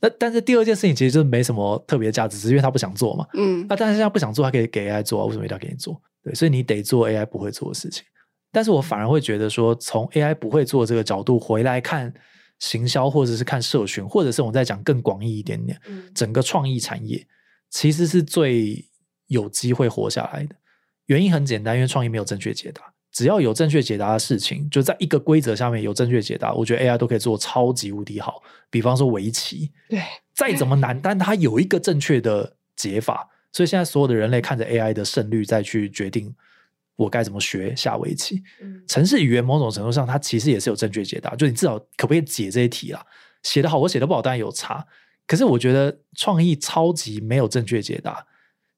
那但是第二件事情其實就沒什麼特別的價值，是因為他不想做嘛。嗯，那但是他不想做，他可以給 AI 做啊，為什麼一定要給你做？對，所以你得做 AI 不會做的事情。但是我反而會覺得說，從 AI 不會做這個角度回來看。行銷，或者是看社群，或者是我再講更廣義一點點，整個創意產業其實是最有機會活下來的。原因很簡單，因為創意沒有正確解答。只要有正確解答的事情，就在一個規則下面有正確解答，我覺得 AI 都可以做超級無敵好。比方說圍棋，對，再怎麼難，但它有一個正確的解法。所以現在所有的人類看着 AI 的勝率再去決定。我該怎麼學下圍棋？程式語言某種程度上，它其實也是有正確解答，就你至少可不可以解這些題啊？寫得好，我寫得不好，當然有差。可是我覺得創意超級沒有正確解答，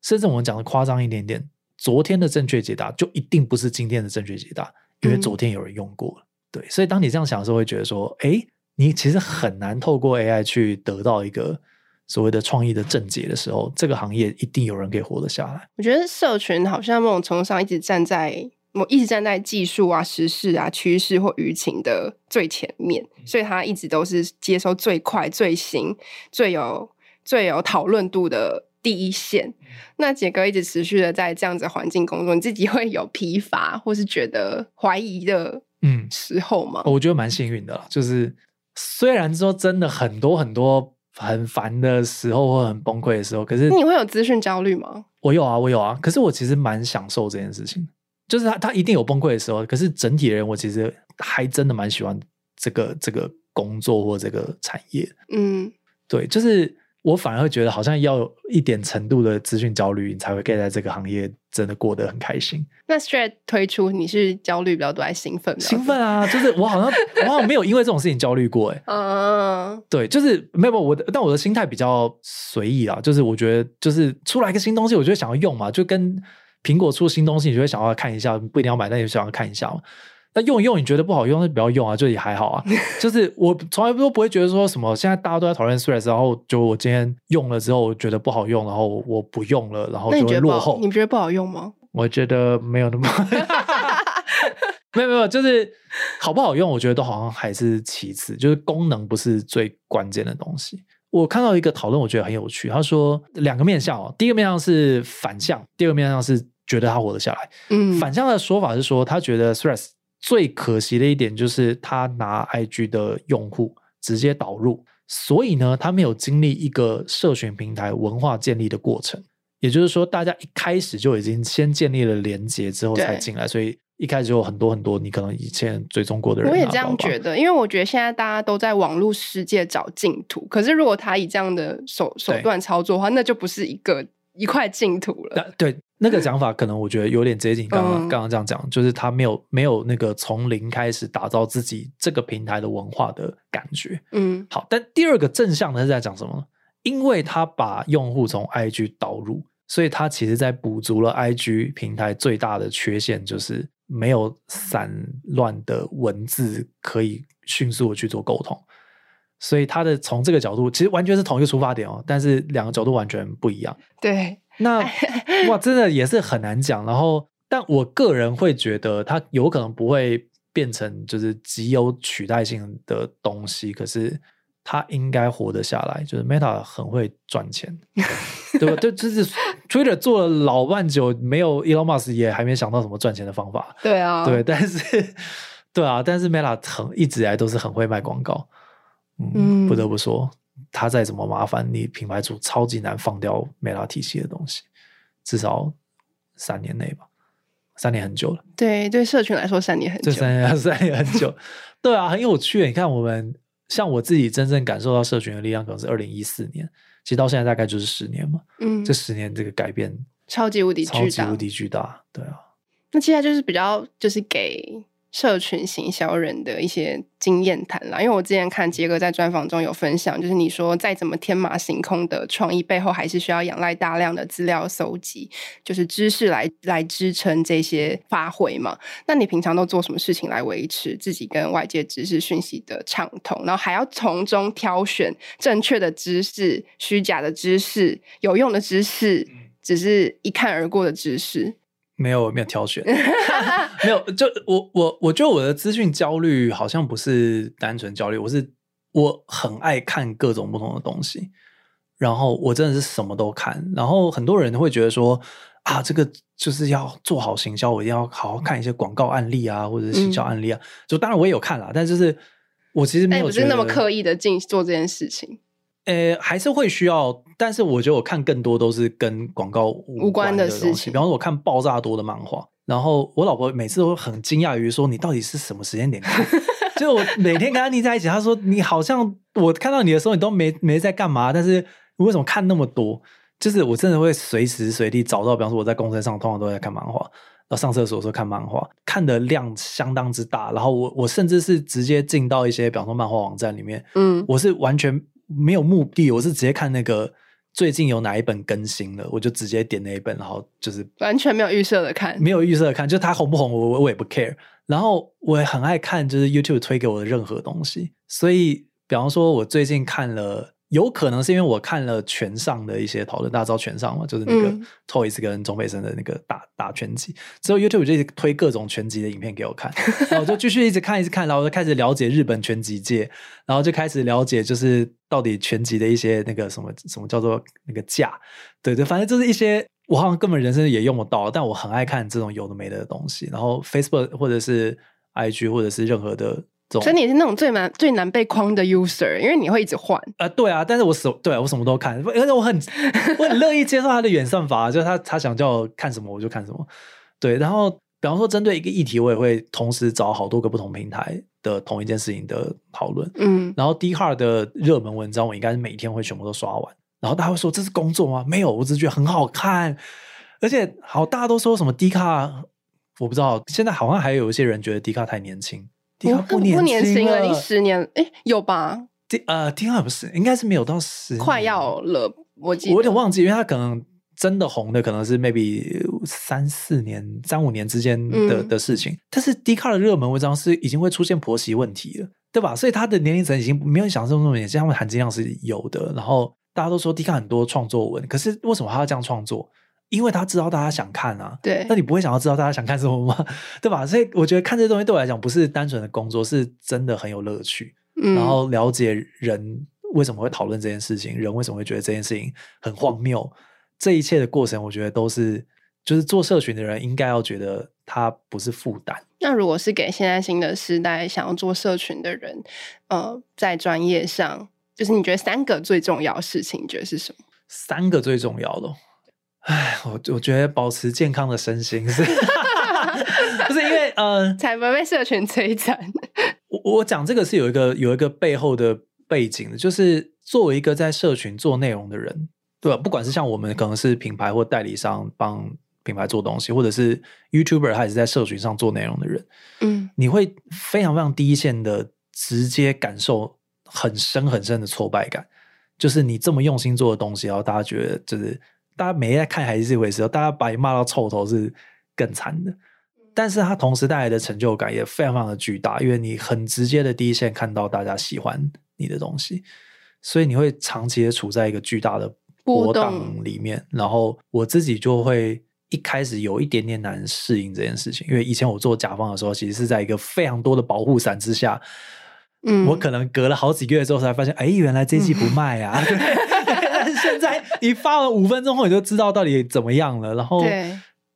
甚至我們講的誇張一點點，昨天的正確解答就一定不是今天的正確解答，因為昨天有人用過、嗯、對，所以當你這樣想的時候，會覺得說，哎，你其實很難透過 AI 去得到一個。所謂的創意的正解的時候，這個行業一定有人可以活得下來。我覺得社群好像某種程度上一直站在，某一直站在技術啊、時事啊、趨勢或輿情的最前面，所以他一直都是接收最快、最新、最有、最有討論度的第一線。那杰哥一直持續的在這樣子環境工作，你自己會有疲乏或是覺得懷疑的嗯時候嗎？嗯，我覺得蠻幸運的啦，就是，雖然說真的很多很多。很煩的時候，或很崩潰的時候。可是你會有資訊焦慮嗎？我有啊，我有啊。可是我其實蠻享受這件事情的。就是他，他一定有崩潰的時候。可是整體的人，我其實還真的蠻喜歡這個這個工作或這個產業。嗯，對，就是。我反而會覺得，好像要有一點程度的資訊焦慮，你才會 get 在這個行業真的過得很開心。那 Threads 推出，你是焦慮比、比較多，還是興奮？興奮啊！就是我好像我 *laughs* 好、好像沒有因為這種事情焦慮過、欸，哎、uh，啊，對，就是沒有，不，我但我的心態比較隨意啊，就是我覺得就是出來一個新東西，我就會想要用嘛，就跟蘋果出新東西，你就會想要看一下，不一定要買，但你就想要看一下嘛。那用一用你覺得不好用就不要用啊，就也還好啊。 *laughs* 就是我從來都不會覺得說什麼，現在大家都在討論 Threads 然後就我今天用了之後，我覺得不好用，然後我不用了，然後就會落後。你覺得不好用嗎？我覺得沒有那麼， *laughs* *laughs* 沒有沒有，就是好不好用，我覺得都好像還是其次，就是功能不是最關鍵的東西。我看到一個討論，我覺得很有趣。他說兩個面向喔，第一個面向是反向，第二個面向是覺得他活得下來。嗯，反向的說法是說他覺得 Threads 最可惜的一點就是，他拿 IG 的用戶直接導入，所以呢，他沒有經歷一個社群平台文化建立的過程。也就是說，大家一開始就已經先建立了連接，之後才進來，對所以一開始有很多很多你可能以前追蹤過的人。啊。我也這樣覺得，吧因為我覺得現在大家都在網絡世界找淨土，可是如果他以這樣的手手段操作的話，對那就不是一個一塊淨土了。啊、對。那個講法可能我覺得有點接近剛剛剛剛這樣講，嗯、就是他沒有沒有那個從零開始打造自己這個平台的文化的感覺。嗯，好，但第二個正向的是在講什麼呢？因為他把用戶從 IG 導入，所以他其實在補足了 IG 平台最大的缺陷，就是沒有散亂的文字可以迅速的去做溝通。所以他的從這個角度其實完全是同一個出發點哦、喔，但是兩個角度完全不一樣。對。 *laughs* 那哇，真的也是很難講。然後，但我個人會覺得，它有可能不會變成就是極有取代性的東西。可是，它應該活得下來。就是 Meta 很會賺錢，對吧？ *laughs* 對，就是 Twitter 做了老半久，沒有 Elon Musk 也還沒想到什麼賺錢的方法。對啊，對，但是，對啊，但是 Meta 很一直以來都是很會賣廣告。嗯，嗯不得不說。他再怎麼麻煩，你品牌主超級難放掉 Meta 體系的東西，至少三年內吧，三年很久了。對，對，社群來說三年很久，這三年三年很久， *laughs* 對啊，很有趣。你看，我們像我自己真正感受到社群的力量，可能是二零一四年，其實到現在大概就是十年嘛。嗯，這十年這個改變超級無敵巨大，無敵巨大，對啊。那接下來就是比較，就是給。社群行銷人的一些經驗談啦，因為我之前看傑哥在專訪中有分享，就是你說再怎麼天馬行空的創意，背後還是需要仰賴大量的資料蒐集，就是知識來來支撐這些發揮嘛。那你平常都做什麼事情來維持自己跟外界知識訊息的暢通？然後還要從中挑選正確的知識、虛假的知識、有用的知識，只是一看而過的知識。沒有沒有挑選， *laughs* 沒有，就我我我覺得我的資訊焦慮好像不是單純焦慮，我是我很愛看各種不同的東西，然後我真的是什麼都看，然後很多人會覺得說啊，這個就是要做好行銷，我一定要好好看一些廣告案例啊，或者是行銷案例啊，嗯、就當然我也有看啦，但就是我其實沒有是那麼刻意的進做這件事情。呃，還是會需要，但是我覺得我看更多都是跟廣告無關的東西，無關的事情。比方說，我看爆炸多的漫畫，然後我老婆每次都很驚訝於說：“你到底是什麼時間點看？” *laughs* 就是我每天跟他膩在一起，她說：“你好像我看到你的時候，你都沒沒在幹嘛？”但是你為什麼看那麼多？就是我真的會隨時隨地找到，比方說我在公車上通常都在看漫畫，然後上廁所的時候看漫畫，看的量相當之大。然後我我甚至是直接進到一些比方說漫畫網站裡面，嗯，我是完全。沒有目的，我是直接看那個最近有哪一本更新了，我就直接點那一本，然後就是完全沒有預設的看，沒有預設的看，就他紅不紅我，我我也不 care。然後我也很愛看就是 YouTube 推給我的任何東西，所以比方說我最近看了。有可能是因為我看了拳上的一些討論，大家知道拳上嘛，就是那個 Toys 跟鍾培生的那個打打拳擊，之後 YouTube 就一直推各種拳擊的影片給我看， *laughs* 然後我就繼續一直看一直看，然後我就開始了解日本拳擊界，然後就開始了解就是到底拳擊的一些那個什麼什麼叫做那個價，對對，反正就是一些我好像根本人生也用不到，但我很愛看這種有的沒的東西。然後 Facebook 或者是 IG 或者是任何的。總所以你是那種最難最難被框的 user，因為你會一直換。啊、呃、對啊，但是我什對、啊、我什麼都看，而且我很我很樂意接受他的演算法、啊， *laughs* 就是他他想叫我看什麼我就看什麼。對，然後比方說針對一個議題，我也會同時找好多個不同平台的同一件事情的討論。嗯，然後 D 卡的熱門文章，我應該是每天會全部都刷完。然後大家會說這是工作嗎？沒有，我只是覺得很好看。而且好，大家都說什麼 D 卡？Car, 我不知道，現在好像還有一些人覺得 D 卡太年輕。不不不年輕了，你十年哎、欸、有吧？第呃，第二不是，應該是沒有到十年，快要了。我記得我有點忘記，因為他可能真的紅的可能是 maybe 三四年、三五年之間的的事情。嗯、但是 D 卡的熱門文章是已經會出現婆媳問題了，對吧？所以他的年齡層已經沒有想這麼這麼年輕，他們含金量是有的。然後大家都說 D 卡很多創作文，可是為什麼他要這樣創作？因為他知道大家想看啊，對，那你不會想要知道大家想看什麼嗎？對吧？所以我覺得看這些東西對我來講不是單純的工作，是真的很有樂趣。嗯，然後了解人為什麼會討論這件事情，人為什麼會覺得這件事情很荒謬，這一切的過程，我覺得都是就是做社群的人應該要覺得它不是負擔。那如果是給現在新的時代想要做社群的人，呃，在專業上，就是你覺得三個最重要的事情，你覺得是什麼？三個最重要的。唉，我我覺得保持健康的身心是， *laughs* *laughs* 不是因為嗯，呃、才不會被社群摧殘。我我講這個是有一個有一個背後的背景的，就是作為一個在社群做內容的人，對吧、啊？不管是像我們可能是品牌或代理商幫品牌做東西，或者是 YouTuber 還是在社群上做內容的人，嗯，你會非常非常低限的直接感受很深很深的挫敗感，就是你這麼用心做的東西，然後大家覺得就是。大家沒在看還是這回事時，大家把你罵到臭頭是更慘的，但是它同時帶來的成就感也非常非常的巨大，因為你很直接的第一線看到大家喜歡你的東西，所以你會長期的處在一個巨大的波動裡面。動然後我自己就會一開始有一點點難適應這件事情，因為以前我做甲方的時候，其實是在一個非常多的保護傘之下，嗯，我可能隔了好幾個月之後才發現，哎，欸，原來這季不賣啊。嗯 *laughs* *laughs* 但現在你發了五分鐘後，你就知道到底怎麼樣了。然後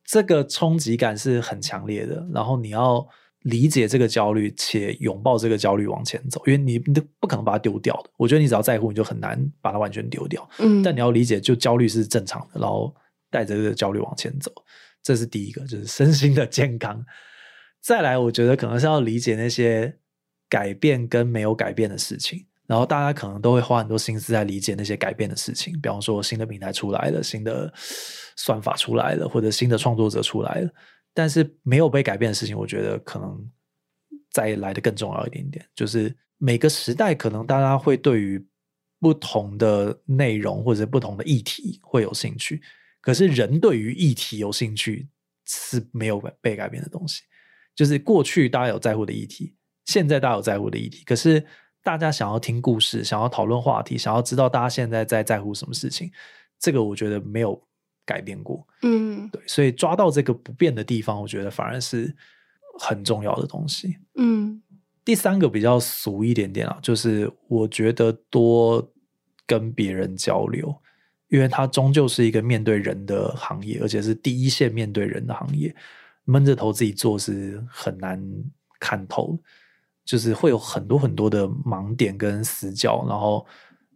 這個衝擊感是很強烈的。然後你要理解這個焦慮，且擁抱這個焦慮往前走，因為你你不可能把它丟掉的。我覺得你只要在乎，你就很難把它完全丟掉。嗯，但你要理解，就焦慮是正常的。然後帶着這個焦慮往前走，這是第一個，就是身心的健康。再來，我覺得可能是要理解那些改變跟沒有改變的事情。然後大家可能都會花很多心思在理解那些改變的事情，比方說新的平台出來了，新的算法出來了，或者新的創作者出來了。但是沒有被改變的事情，我覺得可能再來得更重要一點點。就是每個時代，可能大家會對於不同的內容或者不同的議題會有興趣。可是人對於議題有興趣是沒有被改變的東西，就是過去大家有在乎的議題，現在大家有在乎的議題，可是，大家想要聽故事，想要討論話題，想要知道大家現在在在乎什麼事情，這個我覺得沒有改變過。嗯，對，所以抓到這個不變的地方，我覺得反而是很重要的東西。嗯，第三個比較俗一點點啊，就是我覺得多跟別人交流，因為它終究是一個面對人的行業，而且是第一線面對人的行業，悶着頭自己做是很難看透。就是會有很多很多的盲點跟死角，然後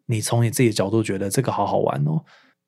你從你自己的角度覺得這個好好玩哦，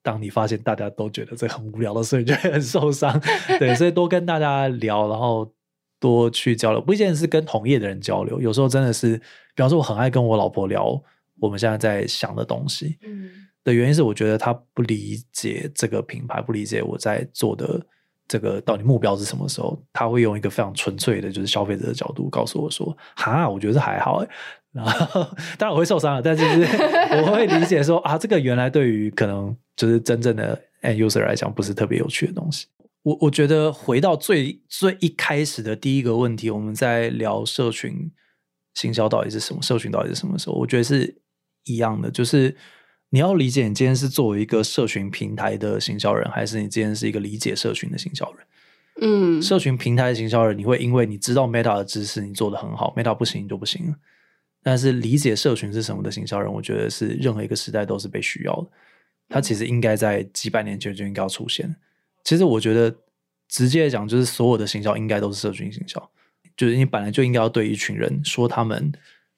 當你發現大家都覺得這個很無聊的時候，你就會很受傷。對，所以多跟大家聊，然後多去交流。不一定是跟同業的人交流，有時候真的是，比方說我很愛跟我老婆聊我們現在在想的東西。嗯，的原因是我覺得她不理解這個品牌，不理解我在做的。這個到底目標是什麼時候？他會用一個非常純粹的，就是消費者的角度告訴我說：“哈，我覺得還好。”然後當然我會受傷了，但就是我會理解說啊，這個原來對於可能就是真正的 end user 來講，不是特別有趣的東西。我我覺得回到最最一開始的第一個問題，我們在聊社群行銷到底是什麼？社群到底是什麼時候？我覺得是一樣的，就是。你要理解，你今天是作為一個社群平台的行銷人，還是你今天是一個理解社群的行銷人？嗯，社群平台的行銷人，你會因為你知道 Meta 的知識，你做得很好，嗯，你做得很好，Meta 不行，你就不行。但是理解社群是什麼的行銷人，我覺得是任何一個時代都是被需要的。他其實應該在幾百年前就應該要出現。其實我覺得，直接講就是所有的行銷應該都是社群行銷，就是你本來就應該要對一群人說他們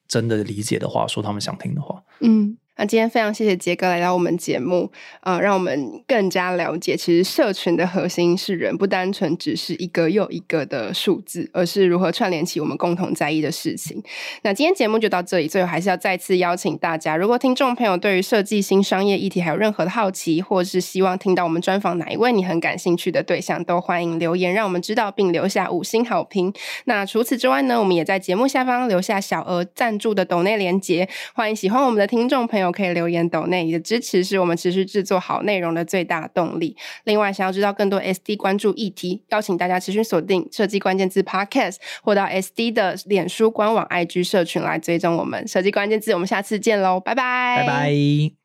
真的理解的話，說他們想聽的話。嗯。那今天非常謝謝傑哥來到我們節目，呃，讓我們更加了解，其實社群的核心是人，不單純只是一個又一個的數字，而是如何串聯起我們共同在意的事情。那今天節目就到這裡，最後還是要再次邀請大家，如果聽眾朋友對於設計新商業議題還有任何的好奇，或是希望聽到我們專訪哪一位你很感興趣的對象，都歡迎留言讓我們知道，並留下五星好評。那除此之外呢，我們也在節目下方留下小額贊助的抖內連接，歡迎喜歡我們的聽眾朋友，可以留言抖內，你的支持是我們持續制作好內容的最大動力。另外，想要知道更多 SD 關注議題，邀請大家持續鎖定設計關鍵字 Podcast，或到 SD 的臉書官網 IG 社群來追蹤我們。設計關鍵字，我們下次見嘍，拜拜拜拜。